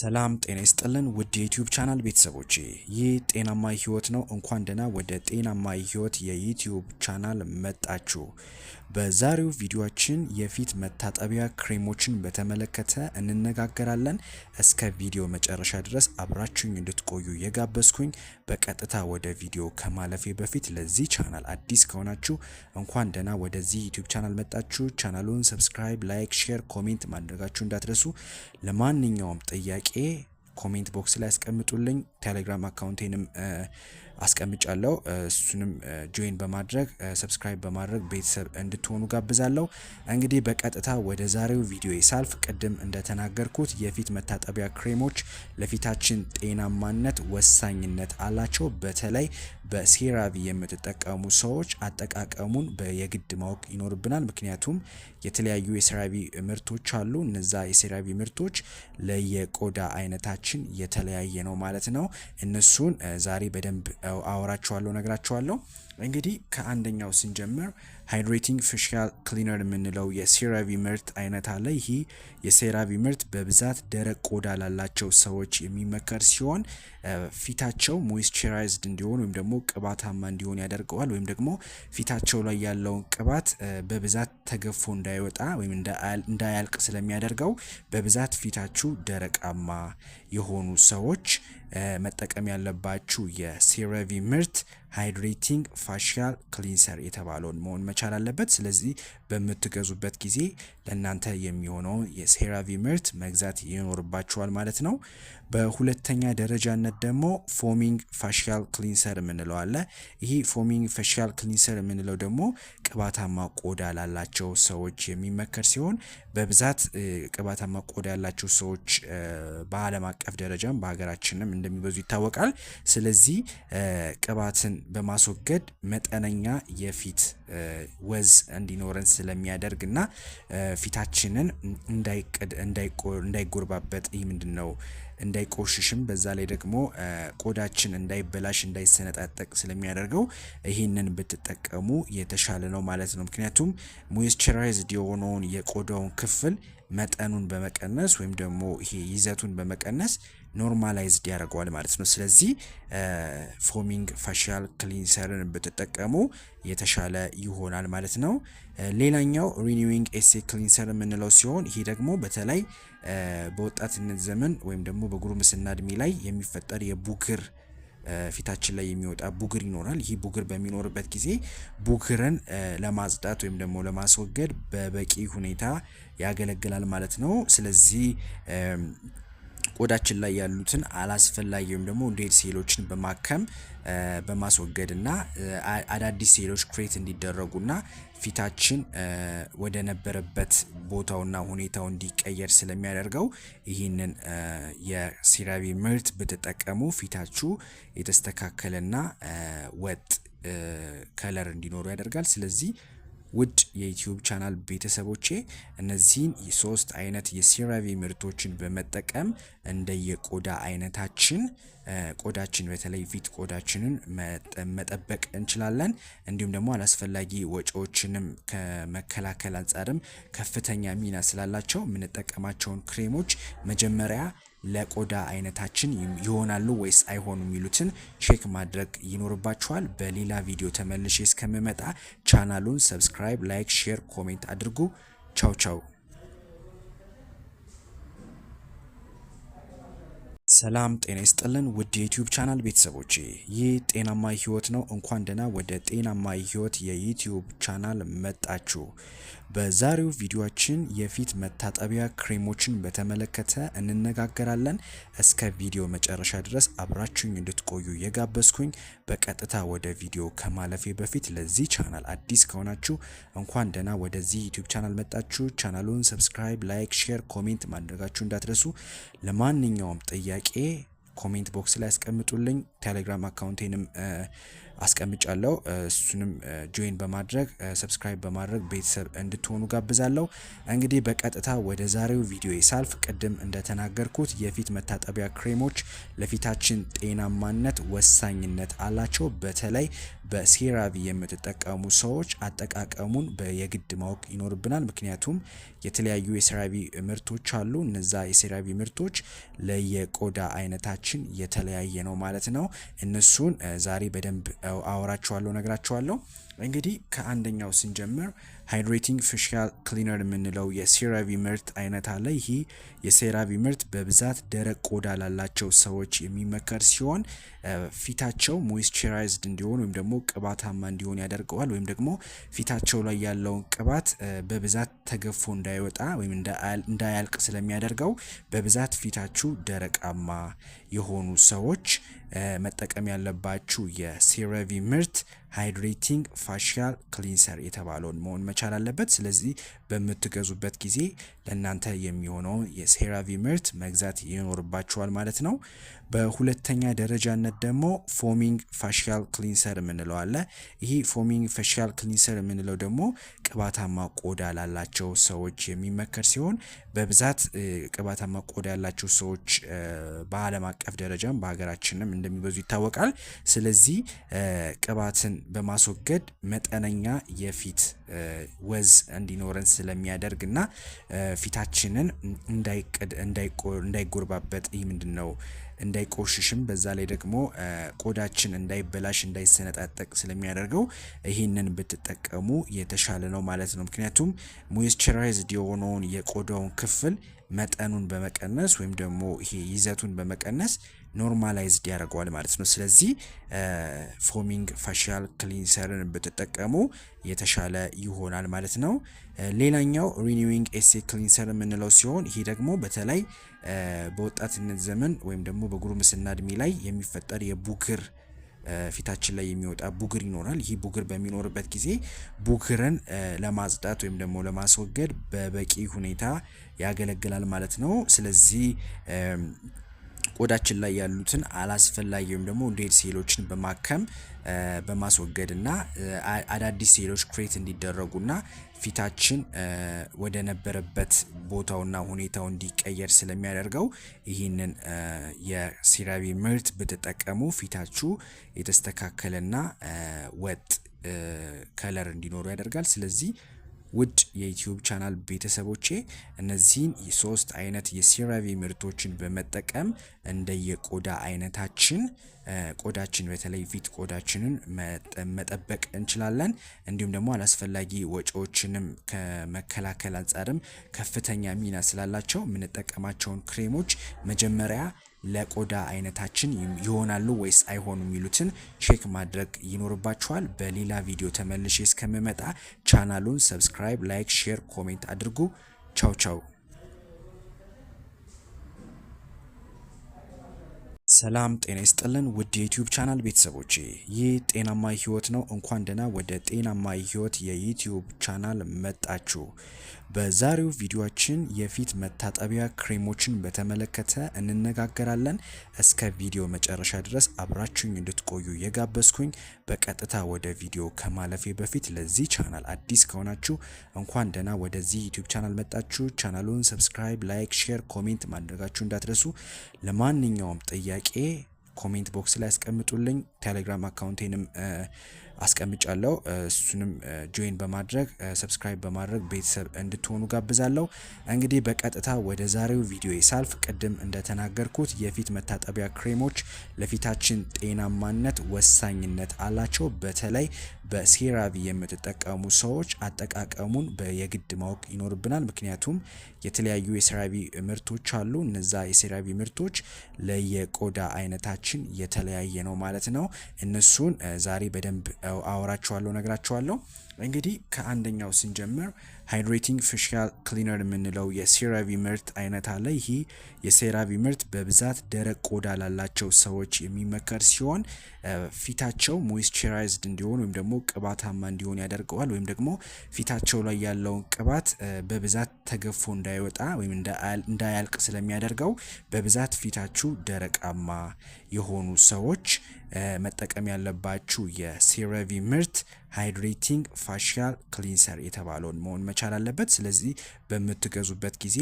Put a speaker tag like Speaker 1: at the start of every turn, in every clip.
Speaker 1: ሰላም ጤና ይስጥልን ውድ የዩትዩብ ቻናል ቤተሰቦቼ፣ ይህ ጤናማ ህይወት ነው። እንኳን ደህና ወደ ጤናማ ህይወት የዩቲዩብ ቻናል መጣችሁ። በዛሬው ቪዲዮችን የፊት መታጠቢያ ክሬሞችን በተመለከተ እንነጋገራለን። እስከ ቪዲዮ መጨረሻ ድረስ አብራችሁኝ እንድትቆዩ የጋበዝኩኝ። በቀጥታ ወደ ቪዲዮ ከማለፌ በፊት ለዚህ ቻናል አዲስ ከሆናችሁ እንኳን ደህና ወደዚህ ዩቲዩብ ቻናል መጣችሁ። ቻናሉን ሰብስክራይብ፣ ላይክ፣ ሼር፣ ኮሜንት ማድረጋችሁ እንዳትረሱ። ለማንኛውም ጥያቄ ጥያቄ ኮሜንት ቦክስ ላይ ያስቀምጡልኝ። ቴሌግራም አካውንቴንም አስቀምጫለሁ። እሱንም ጆይን በማድረግ ሰብስክራይብ በማድረግ ቤተሰብ እንድትሆኑ ጋብዛለሁ። እንግዲህ በቀጥታ ወደ ዛሬው ቪዲዮ ሳልፍ ቅድም እንደተናገርኩት የፊት መታጠቢያ ክሬሞች ለፊታችን ጤናማነት ወሳኝነት አላቸው። በተለይ በሴራቪ የምትጠቀሙ ሰዎች አጠቃቀሙን የግድ ማወቅ ይኖርብናል። ምክንያቱም የተለያዩ የሴራቪ ምርቶች አሉ። እነዛ የሴራቪ ምርቶች ለየቆዳ አይነታችን የተለያየ ነው ማለት ነው። እነሱን ዛሬ በደንብ Ahora Chualo, ¿una grachualo. እንግዲህ ከአንደኛው ስንጀምር ሃይድሬቲንግ ፌሻል ክሊነር የምንለው የሴራቪ ምርት አይነት አለ። ይህ የሴራቪ ምርት በብዛት ደረቅ ቆዳ ላላቸው ሰዎች የሚመከር ሲሆን ፊታቸው ሞይስቸራይዝድ እንዲሆን ወይም ደግሞ ቅባታማ እንዲሆን ያደርገዋል። ወይም ደግሞ ፊታቸው ላይ ያለውን ቅባት በብዛት ተገፎ እንዳይወጣ ወይም እንዳያልቅ ስለሚያደርገው በብዛት ፊታችሁ ደረቃማ የሆኑ ሰዎች መጠቀም ያለባችሁ የሴራቪ ምርት ሃይድሬቲንግ ፋሻል ክሊንሰር የተባለውን መሆን መቻል አለበት። ስለዚህ በምትገዙበት ጊዜ ለእናንተ የሚሆነውን የሴራቪ ምርት መግዛት ይኖርባችኋል ማለት ነው። በሁለተኛ ደረጃነት ደግሞ ፎሚንግ ፋሽያል ክሊንሰር የምንለው አለ። ይህ ፎሚንግ ፋሽያል ክሊንሰር የምንለው ደግሞ ቅባታማ ቆዳ ላላቸው ሰዎች የሚመከር ሲሆን በብዛት ቅባታማ ቆዳ ያላቸው ሰዎች በዓለም አቀፍ ደረጃም በሀገራችንም እንደሚበዙ ይታወቃል። ስለዚህ ቅባትን በማስወገድ መጠነኛ የፊት ወዝ እንዲኖረን ስለሚያደርግ እና ፊታችንን እንዳይጎርባበት ይህ ምንድን ነው እንዳይቆሽሽም በዛ ላይ ደግሞ ቆዳችን እንዳይበላሽ እንዳይሰነጣጠቅ ስለሚያደርገው ይህንን ብትጠቀሙ የተሻለ ነው ማለት ነው። ምክንያቱም ሞይስቸራይዝድ የሆነውን የቆዳውን ክፍል መጠኑን በመቀነስ ወይም ደግሞ ይሄ ይዘቱን በመቀነስ ኖርማላይዝድ ያደርገዋል ማለት ነው። ስለዚህ ፎሚንግ ፋሻል ክሊንሰርን ብትጠቀሙ የተሻለ ይሆናል ማለት ነው። ሌላኛው ሪኒዊንግ ኤሴ ክሊንሰር የምንለው ሲሆን ይሄ ደግሞ በተለይ በወጣትነት ዘመን ወይም ደግሞ በጉርምስና እድሜ ላይ የሚፈጠር የቡግር ፊታችን ላይ የሚወጣ ቡግር ይኖራል። ይህ ቡግር በሚኖርበት ጊዜ ቡግርን ለማጽዳት ወይም ደግሞ ለማስወገድ በበቂ ሁኔታ ያገለግላል ማለት ነው። ስለዚህ ቆዳችን ላይ ያሉትን አላስፈላጊ ወይም ደግሞ ዴድ ሴሎችን በማከም በማስወገድ እና አዳዲስ ሴሎች ክሬት እንዲደረጉና ፊታችን ወደ ነበረበት ቦታውና ሁኔታው እንዲቀየር ስለሚያደርገው ይህንን የሴራቪ ምርት ብትጠቀሙ ፊታችሁ የተስተካከለና ወጥ ከለር እንዲኖሩ ያደርጋል። ስለዚህ ውድ የዩትዩብ ቻናል ቤተሰቦቼ እነዚህን ሶስት አይነት የሴራቪ ምርቶችን በመጠቀም እንደየቆዳ አይነታችን ቆዳችን በተለይ ፊት ቆዳችንን መጠበቅ እንችላለን። እንዲሁም ደግሞ አላስፈላጊ ወጪዎችንም ከመከላከል አንጻርም ከፍተኛ ሚና ስላላቸው የምንጠቀማቸውን ክሬሞች መጀመሪያ ለቆዳ አይነታችን ይሆናሉ ወይስ አይሆኑ የሚሉትን ቼክ ማድረግ ይኖርባችኋል። በሌላ ቪዲዮ ተመልሼ እስከምመጣ ቻናሉን ሰብስክራይብ፣ ላይክ፣ ሼር፣ ኮሜንት አድርጉ። ቻው ቻው። ሰላም ጤና ይስጥልን ውድ የዩትዩብ ቻናል ቤተሰቦቼ፣ ይህ ጤናማ ህይወት ነው። እንኳን ደህና ወደ ጤናማ ህይወት የዩቲዩብ ቻናል መጣችሁ። በዛሬው ቪዲዮችን የፊት መታጠቢያ ክሬሞችን በተመለከተ እንነጋገራለን። እስከ ቪዲዮ መጨረሻ ድረስ አብራችሁኝ እንድትቆዩ የጋበዝኩኝ። በቀጥታ ወደ ቪዲዮ ከማለፌ በፊት ለዚህ ቻናል አዲስ ከሆናችሁ እንኳን ደህና ወደዚህ ዩቲዩብ ቻናል መጣችሁ። ቻናሉን ሰብስክራይብ፣ ላይክ፣ ሼር፣ ኮሜንት ማድረጋችሁ እንዳትረሱ። ለማንኛውም ጥያቄ ጥያቄ ኮሜንት ቦክስ ላይ ያስቀምጡልኝ። ቴሌግራም አካውንቴንም አስቀምጫለሁ። እሱንም ጆይን በማድረግ ሰብስክራይብ በማድረግ ቤተሰብ እንድትሆኑ ጋብዛለሁ። እንግዲህ በቀጥታ ወደ ዛሬው ቪዲዮ ሳልፍ ቅድም እንደተናገርኩት የፊት መታጠቢያ ክሬሞች ለፊታችን ጤናማነት ወሳኝነት አላቸው። በተለይ በሴራቪ የምትጠቀሙ ሰዎች አጠቃቀሙን የግድ ማወቅ ይኖርብናል። ምክንያቱም የተለያዩ የሴራቪ ምርቶች አሉ። እነዛ የሴራቪ ምርቶች ለየቆዳ አይነታችን የተለያየ ነው ማለት ነው። እነሱን ዛሬ በደንብ አወራችኋለሁ፣ ነግራችኋለሁ። እንግዲህ ከአንደኛው ስንጀምር ሃይድሬቲንግ ፊሻል ክሊነር የምንለው የሴራቪ ምርት አይነት አለ። ይህ የሴራቪ ምርት በብዛት ደረቅ ቆዳ ላላቸው ሰዎች የሚመከር ሲሆን ፊታቸው ሞይስቸራይዝድ እንዲሆን ወይም ደግሞ ቅባታማ እንዲሆን ያደርገዋል። ወይም ደግሞ ፊታቸው ላይ ያለውን ቅባት በብዛት ተገፎ እንዳይወጣ ወይም እንዳያልቅ ስለሚያደርገው በብዛት ፊታችሁ ደረቃማ የሆኑ ሰዎች መጠቀም ያለባችሁ የሴራቪ ምርት ሃይድሬቲንግ ፋሻል ክሊንሰር የተባለውን መሆን መቻል አለበት። ስለዚህ በምትገዙበት ጊዜ ለእናንተ የሚሆነውን የሴራቪ ምርት መግዛት ይኖርባችኋል ማለት ነው። በሁለተኛ ደረጃነት ደግሞ ፎሚንግ ፋሽያል ክሊንሰር የምንለው አለ። ይህ ፎሚንግ ፋሽያል ክሊንሰር የምንለው ደግሞ ቅባታማ ቆዳ ላላቸው ሰዎች የሚመከር ሲሆን በብዛት ቅባታማ ቆዳ ያላቸው ሰዎች በዓለም አቀፍ ደረጃም በሀገራችንም እንደሚበዙ ይታወቃል። ስለዚህ ቅባትን በማስወገድ መጠነኛ የፊት ወዝ እንዲኖረን ስለሚያደርግ እና ፊታችንን እንዳይጎርባበት ይህ ምንድን ነው እንዳይቆሽሽም በዛ ላይ ደግሞ ቆዳችን እንዳይበላሽ እንዳይሰነጣጠቅ ስለሚያደርገው ይህንን ብትጠቀሙ የተሻለ ነው ማለት ነው። ምክንያቱም ሞይስቸራይዝድ የሆነውን የቆዳውን ክፍል መጠኑን በመቀነስ ወይም ደግሞ ይሄ ይዘቱን በመቀነስ ኖርማላይዝድ ያደርገዋል ማለት ነው። ስለዚህ ፎሚንግ ፋሻል ክሊንሰርን ብትጠቀሙ የተሻለ ይሆናል ማለት ነው። ሌላኛው ሪኒዊንግ ኤሴ ክሊንሰር የምንለው ሲሆን ይሄ ደግሞ በተለይ በወጣትነት ዘመን ወይም ደግሞ በጉርምስና እድሜ ላይ የሚፈጠር የቡግር ፊታችን ላይ የሚወጣ ቡግር ይኖራል። ይህ ቡግር በሚኖርበት ጊዜ ቡግርን ለማጽዳት ወይም ደግሞ ለማስወገድ በበቂ ሁኔታ ያገለግላል ማለት ነው። ስለዚህ ቆዳችን ላይ ያሉትን አላስፈላጊ ወይም ደግሞ ዴድ ሴሎችን በማከም በማስወገድ እና አዳዲስ ሴሎች ክሬት እንዲደረጉና ፊታችን ወደ ነበረበት ቦታውና ሁኔታው እንዲቀየር ስለሚያደርገው ይህንን የሴራቪ ምርት ብትጠቀሙ ፊታችሁ የተስተካከለና ወጥ ከለር እንዲኖሩ ያደርጋል። ስለዚህ ውድ የዩትዩብ ቻናል ቤተሰቦቼ እነዚህን ሶስት አይነት የሲራቪ ምርቶችን በመጠቀም እንደየቆዳ አይነታችን ቆዳችን በተለይ ፊት ቆዳችንን መጠበቅ እንችላለን። እንዲሁም ደግሞ አላስፈላጊ ወጪዎችንም ከመከላከል አንጻርም ከፍተኛ ሚና ስላላቸው የምንጠቀማቸውን ክሬሞች መጀመሪያ ለቆዳ አይነታችን ይሆናሉ ወይስ አይሆኑ የሚሉትን ቼክ ማድረግ ይኖርባችኋል። በሌላ ቪዲዮ ተመልሼ እስከምመጣ ቻናሉን ሰብስክራይብ፣ ላይክ፣ ሼር፣ ኮሜንት አድርጉ። ቻው ቻው። ሰላም ጤና ይስጥልን ውድ የዩትዩብ ቻናል ቤተሰቦቼ፣ ይህ ጤናማ ህይወት ነው። እንኳን ደህና ወደ ጤናማ ህይወት የዩቲዩብ ቻናል መጣችሁ። በዛሬው ቪዲዮአችን የፊት መታጠቢያ ክሬሞችን በተመለከተ እንነጋገራለን። እስከ ቪዲዮ መጨረሻ ድረስ አብራችሁኝ እንድትቆዩ የጋበዝኩኝ። በቀጥታ ወደ ቪዲዮ ከማለፌ በፊት ለዚህ ቻናል አዲስ ከሆናችሁ እንኳን ደህና ወደዚህ ዩቲዩብ ቻናል መጣችሁ። ቻናሉን ሰብስክራይብ፣ ላይክ፣ ሼር፣ ኮሜንት ማድረጋችሁ እንዳትረሱ። ለማንኛውም ጥያቄ ኮሜንት ቦክስ ላይ ያስቀምጡልኝ። ቴሌግራም አካውንቴንም አስቀምጫለሁ። እሱንም ጆይን በማድረግ ሰብስክራይብ በማድረግ ቤተሰብ እንድትሆኑ ጋብዛለሁ። እንግዲህ በቀጥታ ወደ ዛሬው ቪዲዮ ሳልፍ ቅድም እንደተናገርኩት የፊት መታጠቢያ ክሬሞች ለፊታችን ጤናማነት ወሳኝነት አላቸው። በተለይ በሴራቪ የምትጠቀሙ ሰዎች አጠቃቀሙን የግድ ማወቅ ይኖርብናል። ምክንያቱም የተለያዩ የሴራቪ ምርቶች አሉ። እነዛ የሴራቪ ምርቶች ለየቆዳ አይነታችን የተለያየ ነው ማለት ነው። እነሱን ዛሬ በደንብ Ahora chualo, negra chualo. እንግዲህ ከአንደኛው ስንጀምር ሃይድሬቲንግ ፌሻል ክሊነር የምንለው የሴራቪ ምርት አይነት አለ። ይህ የሴራቪ ምርት በብዛት ደረቅ ቆዳ ላላቸው ሰዎች የሚመከር ሲሆን ፊታቸው ሞይስቸራይዝድ እንዲሆን ወይም ደግሞ ቅባታማ እንዲሆን ያደርገዋል። ወይም ደግሞ ፊታቸው ላይ ያለውን ቅባት በብዛት ተገፎ እንዳይወጣ ወይም እንዳያልቅ ስለሚያደርገው በብዛት ፊታችሁ ደረቃማ የሆኑ ሰዎች መጠቀም ያለባችሁ የሴራቪ ምርት ሃይድሬቲንግ ፋሻል ክሊንሰር የተባለውን መሆን መቻል አለበት። ስለዚህ በምትገዙበት ጊዜ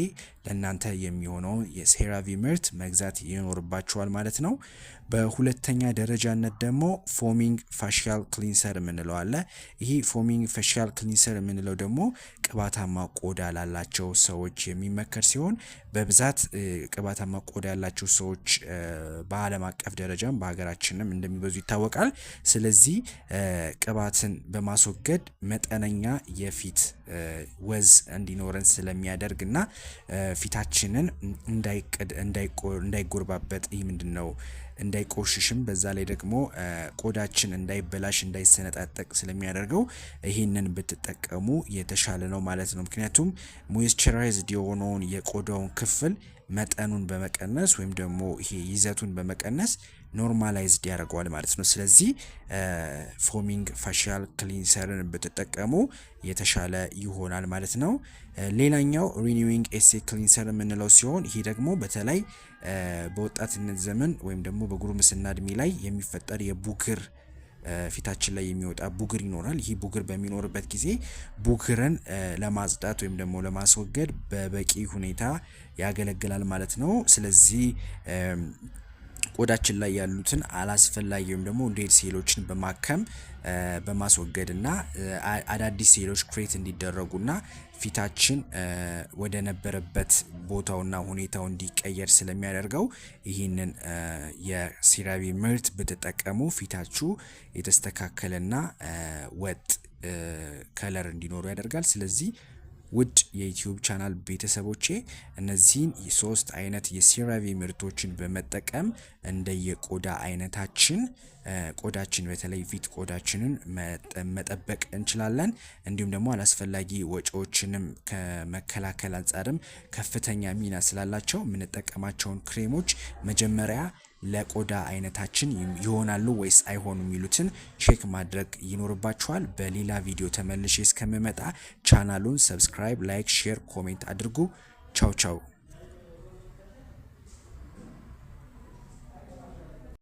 Speaker 1: ለእናንተ የሚሆነውን የሴራቪ ምርት መግዛት ይኖርባችኋል ማለት ነው። በሁለተኛ ደረጃነት ደግሞ ፎሚንግ ፋሻል ክሊንሰር የምንለው አለ። ይህ ፎሚንግ ፋሻል ክሊንሰር የምንለው ደግሞ ቅባታማ ቆዳ ላላቸው ሰዎች የሚመከር ሲሆን በብዛት ቅባታማ ቆዳ ያላቸው ሰዎች በዓለም አቀፍ ደረጃም በሀገራችንም እንደሚበዙ ይታወቃል። ስለዚህ ቅባትን በማስወገድ መጠነኛ የፊት ወዝ እንዲኖረን ስለሚያደርግ እና ፊታችንን እንዳይጎርባበት ይህ ምንድን ነው እንዳይቆሽሽም በዛ ላይ ደግሞ ቆዳችን እንዳይበላሽ እንዳይሰነጣጠቅ ስለሚያደርገው ይህንን ብትጠቀሙ የተሻለ ነው ማለት ነው። ምክንያቱም ሞይስቸራይዝድ የሆነውን የቆዳውን ክፍል መጠኑን በመቀነስ ወይም ደግሞ ይሄ ይዘቱን በመቀነስ ኖርማላይዝድ ያደርገዋል ማለት ነው። ስለዚህ ፎሚንግ ፋሻል ክሊንሰርን ብትጠቀሙ የተሻለ ይሆናል ማለት ነው። ሌላኛው ሪኒዊንግ ኤሴ ክሊንሰር የምንለው ሲሆን ይሄ ደግሞ በተለይ በወጣትነት ዘመን ወይም ደግሞ በጉርምስና እድሜ ላይ የሚፈጠር የቡግር ፊታችን ላይ የሚወጣ ቡግር ይኖራል። ይህ ቡግር በሚኖርበት ጊዜ ቡግርን ለማጽዳት ወይም ደግሞ ለማስወገድ በበቂ ሁኔታ ያገለግላል ማለት ነው። ስለዚህ ቆዳችን ላይ ያሉትን አላስፈላጊ ወይም ደግሞ ዴድ ሴሎችን በማከም በማስወገድ እና አዳዲስ ሴሎች ክሬት እንዲደረጉና ፊታችን ወደ ነበረበት ቦታውና ሁኔታው እንዲቀየር ስለሚያደርገው ይህንን የሲራቢ ምርት ብትጠቀሙ ፊታችሁ የተስተካከለና ወጥ ከለር እንዲኖሩ ያደርጋል። ስለዚህ ውድ የዩትዩብ ቻናል ቤተሰቦቼ እነዚህን ሶስት አይነት የሴራቪ ምርቶችን በመጠቀም እንደየቆዳ አይነታችን ቆዳችን በተለይ ፊት ቆዳችንን መጠበቅ እንችላለን። እንዲሁም ደግሞ አላስፈላጊ ወጪዎችንም ከመከላከል አንጻርም ከፍተኛ ሚና ስላላቸው የምንጠቀማቸውን ክሬሞች መጀመሪያ ለቆዳ አይነታችን ይሆናሉ ወይስ አይሆኑ የሚሉትን ቼክ ማድረግ ይኖርባችኋል። በሌላ ቪዲዮ ተመልሼ እስከምመጣ ቻናሉን ሰብስክራይብ፣ ላይክ፣ ሼር፣ ኮሜንት አድርጉ። ቻው ቻው።